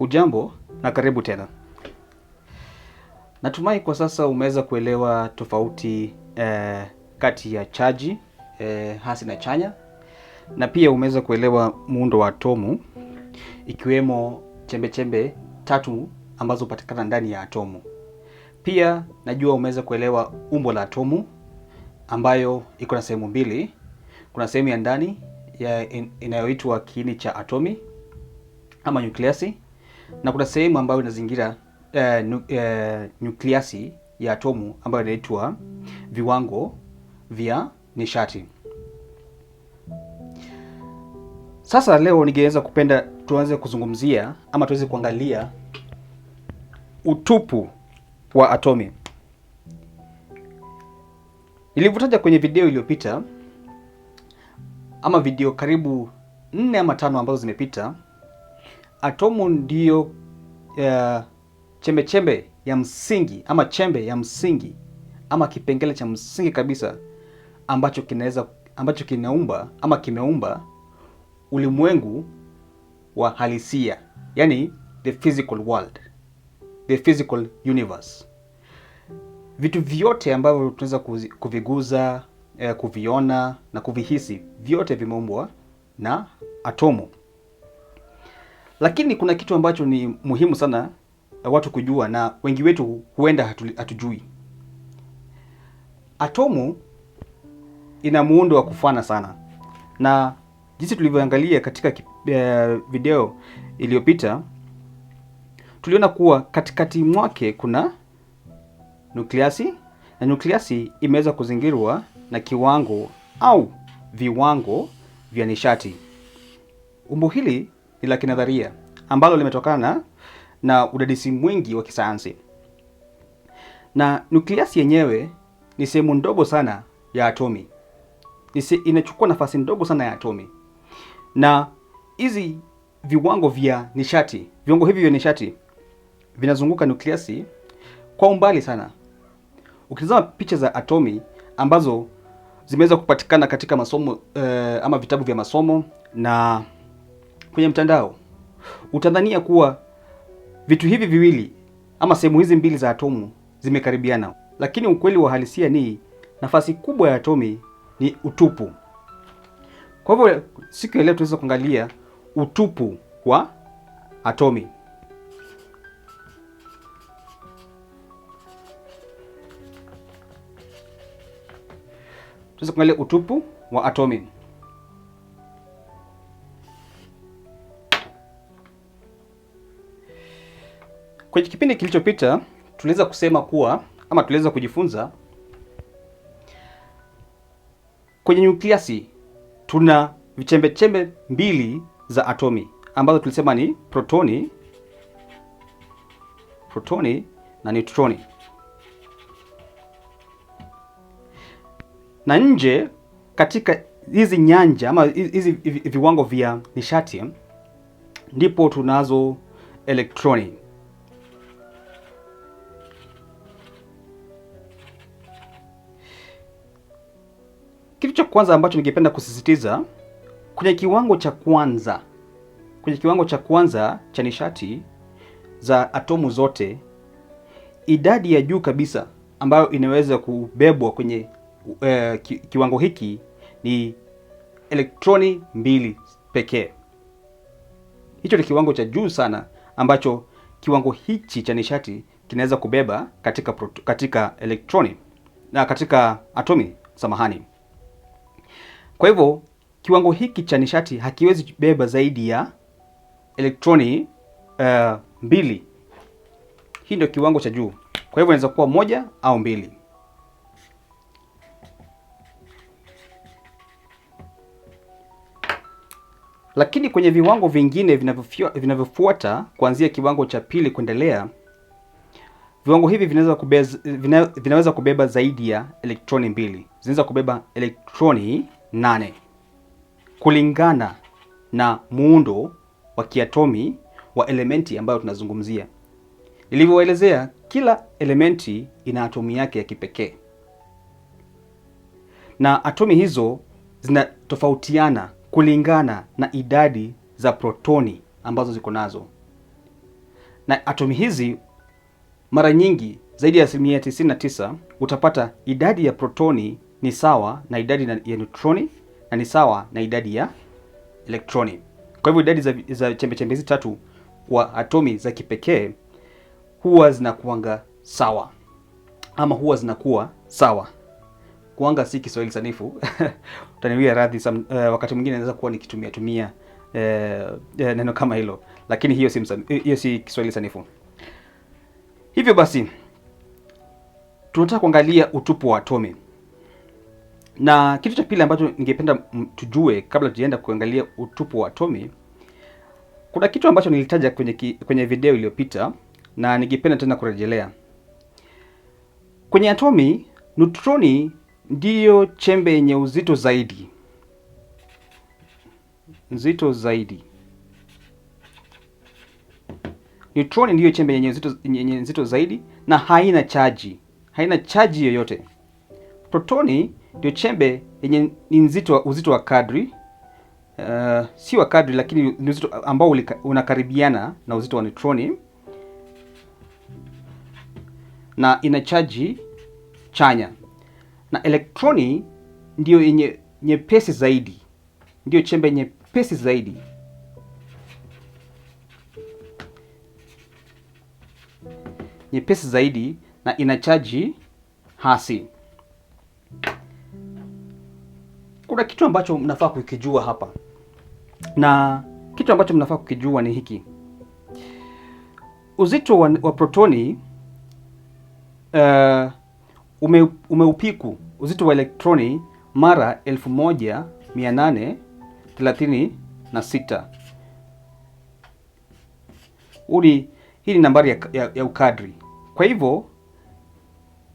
Hujambo na karibu tena. Natumai kwa sasa umeweza kuelewa tofauti eh, kati ya chaji eh, hasi na chanya na pia umeweza kuelewa muundo wa atomu ikiwemo chembechembe chembe tatu ambazo hupatikana ndani ya atomu. Pia najua umeweza kuelewa umbo la atomu ambayo iko na sehemu mbili. Kuna sehemu ya ndani in, inayoitwa kiini cha atomi ama nyukliasi na kuna sehemu ambayo inazingira eh, nu, eh, nukliasi ya atomu ambayo inaitwa viwango vya nishati. Sasa leo ningeweza kupenda tuanze kuzungumzia ama tuweze kuangalia utupu wa atomi. Nilivyotaja kwenye video iliyopita ama video karibu nne ama tano ambazo zimepita atomu ndiyo uh, chembechembe ya msingi ama chembe ya msingi ama kipengele cha msingi kabisa ambacho kinaweza ambacho kinaumba ama kimeumba ulimwengu wa halisia, yani the physical world, the physical universe. Vitu vyote ambavyo tunaweza kuviguza, eh, kuviona na kuvihisi, vyote vimeumbwa na atomu. Lakini kuna kitu ambacho ni muhimu sana eh, watu kujua, na wengi wetu huenda hatu, hatujui. Atomu ina muundo wa kufana sana na jinsi tulivyoangalia katika eh, video iliyopita, tuliona kuwa katikati mwake kuna nukliasi na nukliasi imeweza kuzingirwa na kiwango au viwango vya nishati. Umbo hili ni la kinadharia ambalo limetokana na udadisi mwingi wa kisayansi, na nukliasi yenyewe ni sehemu ndogo sana ya atomi, inachukua nafasi ndogo sana ya atomi, na hizi viwango vya nishati, viwango hivi vya nishati vinazunguka nukliasi kwa umbali sana. Ukitazama picha za atomi ambazo zimeweza kupatikana katika masomo uh, ama vitabu vya masomo na kwenye mtandao, utadhania kuwa vitu hivi viwili ama sehemu hizi mbili za atomu zimekaribiana, lakini ukweli wa halisia ni nafasi kubwa ya atomi ni utupu. Kwa hivyo siku ya leo tunaweza kuangalia utupu wa atomi. Tunaweza kuangalia utupu wa atomi. Kwenye kipindi kilichopita tuliweza kusema kuwa ama tuliweza kujifunza kwenye nyukliasi tuna vichembechembe mbili za atomi ambazo tulisema ni protoni, protoni na neutroni. Na nje katika hizi nyanja ama hizi viwango vya nishati ndipo tunazo elektroni kwanza ambacho ningependa kusisitiza kwenye kiwango cha kwanza, kwenye kiwango cha kwanza cha nishati za atomu zote, idadi ya juu kabisa ambayo inaweza kubebwa kwenye uh, ki, kiwango hiki ni elektroni mbili pekee. Hicho ni kiwango cha juu sana ambacho kiwango hichi cha nishati kinaweza kubeba katika, katika elektroni na katika atomi, samahani. Kwa hivyo kiwango hiki cha nishati hakiwezi kubeba zaidi ya elektroni uh, mbili. Hii ndio kiwango cha juu. Kwa hivyo inaweza kuwa moja au mbili. Lakini kwenye viwango vingine vinavyofuata kuanzia kiwango cha pili kuendelea, viwango hivi vinaweza kubeba, vinaweza kubeba zaidi ya elektroni mbili. Zinaweza kubeba elektroni nane kulingana na muundo wa kiatomi wa elementi ambayo tunazungumzia. Nilivyoelezea, kila elementi ina atomi yake ya kipekee na atomi hizo zinatofautiana kulingana na idadi za protoni ambazo ziko nazo, na atomi hizi mara nyingi zaidi ya asilimia 99 utapata idadi ya protoni ni sawa na idadi ya neutroni na ni sawa na idadi ya elektroni. Kwa hivyo idadi za, za chembechembe hizi tatu kwa atomi za kipekee huwa zinakuanga sawa ama huwa zinakuwa sawa. Kuanga si Kiswahili sanifu utaniwia radhi. Uh, wakati mwingine naweza kuwa nikitumia tumia uh, uh, neno kama hilo, lakini hiyo si, hiyo si Kiswahili sanifu. Hivyo basi tunataka kuangalia utupu wa atomi. Na kitu cha pili ambacho ningependa tujue kabla tujaenda kuangalia utupu wa atomi, kuna kitu ambacho nilitaja kwenye, ki, kwenye video iliyopita na ningependa tena kurejelea kwenye atomi. Neutroni ndiyo chembe yenye uzito zaidi, nzito zaidi. Neutroni ndiyo chembe yenye uzito, yenye nzito zaidi na haina chaji, haina chaji yoyote. Protoni ndio chembe yenye ni nzito, uzito wa kadri uh, si wa kadri lakini ni uzito ambao unakaribiana na uzito wa neutroni na ina chaji chanya, na elektroni ndio yenye nyepesi zaidi, ndio chembe nyepesi zaidi. nyepesi zaidi na ina chaji hasi. kuna kitu ambacho mnafaa kukijua hapa, na kitu ambacho mnafaa kukijua ni hiki: uzito wa, wa protoni uh, ume, umeupiku uzito wa elektroni mara 1836. Hii ni nambari ya, ya, ya ukadri. Kwa hivyo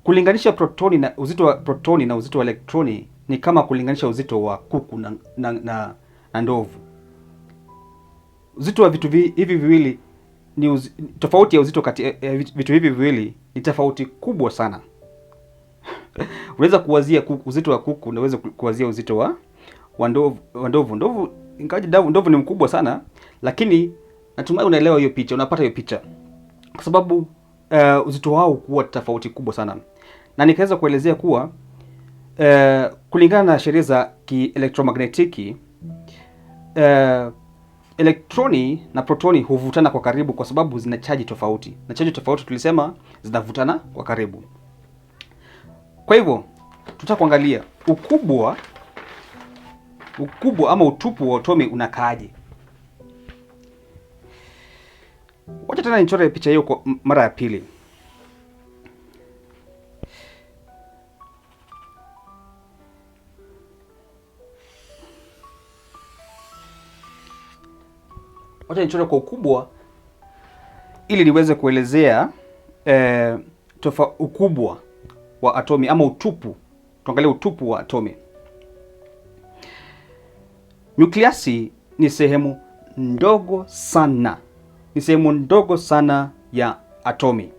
kulinganisha protoni na uzito wa protoni na uzito wa elektroni ni kama kulinganisha uzito wa kuku na, na, na, na ndovu. Uzito wa vitu vi, hivi viwili ni uz, tofauti ya uzito kati ya eh, eh, vitu hivi viwili ni tofauti kubwa sana. Unaweza kuwazia kuku, uzito wa kuku unaweza kuwazia uzito wa wa ndovu wa ndovu ndovu, ingawaje ndovu ni mkubwa sana, lakini natumai unaelewa hiyo picha, unapata hiyo picha kwa sababu uh, uzito wao kuwa tofauti kubwa sana, na nikaweza kuelezea kuwa uh, kulingana na sheria za kielektromagnetiki uh, elektroni na protoni huvutana kwa karibu kwa sababu zina chaji tofauti, na chaji tofauti tulisema zinavutana kwa karibu. Kwa hivyo tuta kuangalia ukubwa ukubwa ama utupu wa atomi unakaaje. Wacha tena nichore picha hiyo kwa mara ya pili. wacha nichore kwa ukubwa ili niweze kuelezea eh, tofa ukubwa wa atomi ama utupu. Tuangalie utupu wa atomi. Nyukliasi ni sehemu ndogo sana, ni sehemu ndogo sana ya atomi,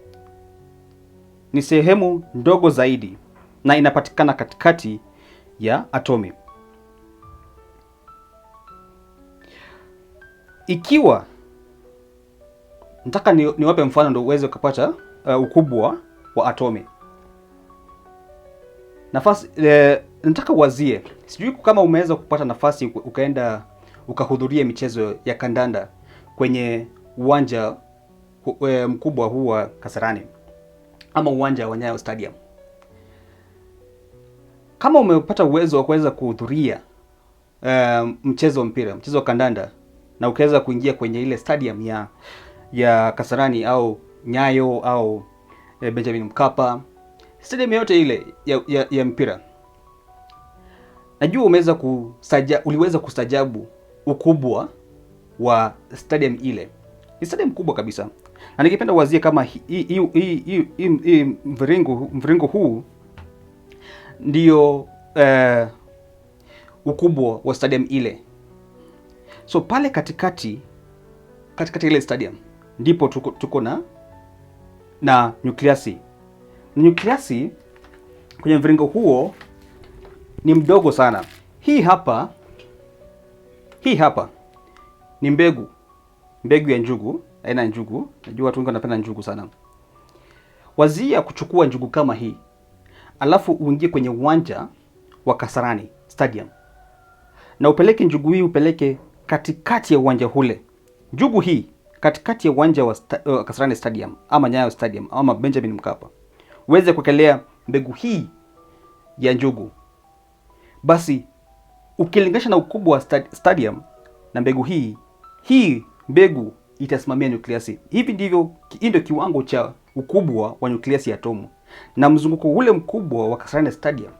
ni sehemu ndogo zaidi, na inapatikana katikati ya atomi. Ikiwa nataka niwape ni mfano ndio uweze ukapata uh, ukubwa wa atomi nafasi e, nataka uwazie, sijui kama umeweza kupata nafasi ukaenda ukahudhuria michezo ya kandanda kwenye uwanja eh, mkubwa huu wa Kasarani ama uwanja wa Nyayo Stadium. Kama umepata uwezo wa kuweza kuhudhuria e, mchezo wa mpira, mchezo wa kandanda na ukaweza kuingia kwenye ile stadium ya ya Kasarani au Nyayo au eh, Benjamin Mkapa, stadium yote ile ya, ya, ya mpira. Najua umeweza kusaja, uliweza kustajabu ukubwa wa stadium ile. Ni stadium kubwa kabisa, na ningependa uwazie kama hii mviringo mviringo huu ndio eh, ukubwa wa stadium ile So pale katikati katikati ile stadium ndipo tuko, tuko na na nyukliasi na nyukliasi kwenye mviringo huo ni mdogo sana. Hii hapa hii hapa ni mbegu mbegu ya njugu, aina ya njugu. Najua watu wengi wanapenda njugu sana. Wazia kuchukua njugu kama hii, alafu uingie kwenye uwanja wa Kasarani Stadium na upeleke njugu hii, upeleke katikati ya uwanja ule. Njugu hii katikati ya uwanja wa sta, uh, Kasarani Stadium ama Nyayo Stadium ama Benjamin Mkapa uweze kuwekelea mbegu hii ya njugu, basi ukilinganisha na ukubwa wa stadium na mbegu hii hii mbegu itasimamia nukliasi Hivi ndivyo, hii ndio kiwango cha ukubwa wa nukliasi ya atomu, na mzunguko ule mkubwa wa Kasarani Stadium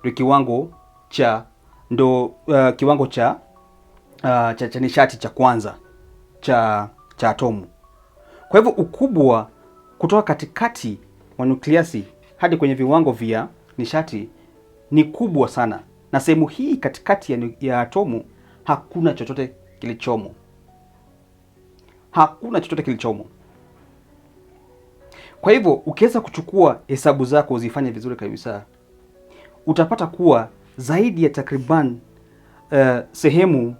ndio kiwango cha ndo uh, eh, kiwango cha uh, cha, cha nishati cha kwanza cha, cha atomu. Kwa hivyo ukubwa kutoka katikati wa nukliasi hadi kwenye viwango vya nishati ni kubwa sana, na sehemu hii katikati ya, ya atomu hakuna chochote kilichomo, hakuna chochote kilichomo. Kwa hivyo ukiweza kuchukua hesabu zako uzifanye vizuri kabisa, utapata kuwa zaidi ya takriban uh, sehemu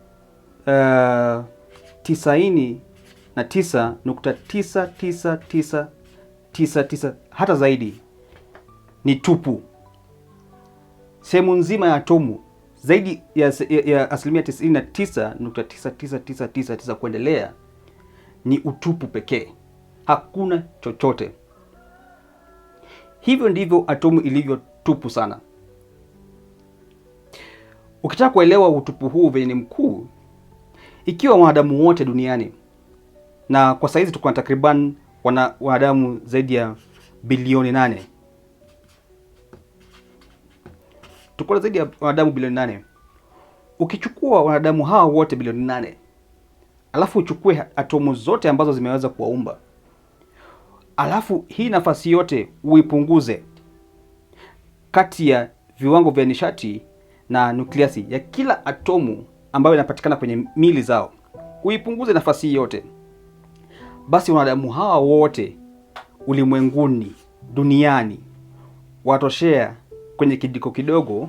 tisaini na tisa nukta tisa tisa tisa tisa tisa hata zaidi ni tupu. Sehemu nzima ya atomu zaidi ya, ya, ya asilimia tisini na tisa nukta tisa tisa tisa tisa tisa kuendelea ni utupu pekee, hakuna chochote. Hivyo ndivyo atomu ilivyo tupu sana. Ukitaka kuelewa utupu huu venye ni mkuu, ikiwa wanadamu wote duniani, na kwa saizi tuko na takriban wana, wanadamu zaidi ya bilioni nane tuko na zaidi ya wanadamu bilioni nane Ukichukua wanadamu hawa wote bilioni nane alafu uchukue atomu zote ambazo zimeweza kuwaumba, alafu hii nafasi yote uipunguze kati ya viwango vya nishati na nukliasi ya kila atomu ambayo inapatikana kwenye mili zao, uipunguze nafasi hii yote basi, wanadamu hawa wote ulimwenguni, duniani, watoshea kwenye kijiko kidogo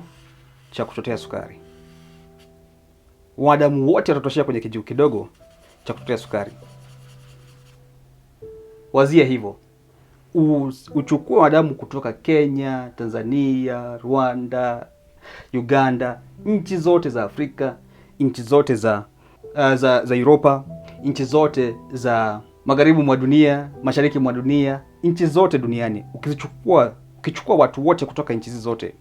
cha kuchotea sukari. Wanadamu wote watatoshea kwenye kijiko kidogo cha kuchotea sukari. Wazia hivyo, uchukue wanadamu kutoka Kenya, Tanzania, Rwanda, Uganda, nchi zote za Afrika nchi zote za, uh, za, za Europa, nchi zote za magharibi mwa dunia, mashariki mwa dunia, nchi zote duniani. Ukichukua ukichukua watu wote kutoka nchi zote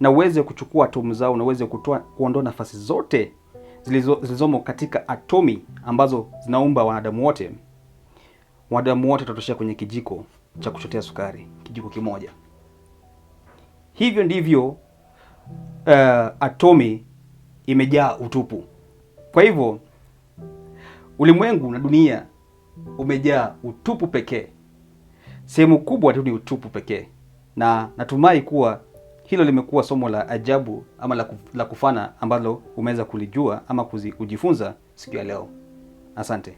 na uweze kuchukua atomu zao na uweze kutoa kuondoa nafasi zote zilizo, zilizomo katika atomi ambazo zinaumba wanadamu wote, wanadamu wote tutatoshea kwenye kijiko cha kuchotea sukari, kijiko kimoja. Hivyo ndivyo uh, atomi imejaa utupu. Kwa hivyo ulimwengu na dunia umejaa utupu pekee, sehemu kubwa tu ni utupu pekee, na natumai kuwa hilo limekuwa somo la ajabu ama la kufana ambalo umeweza kulijua ama kujifunza siku ya leo. Asante.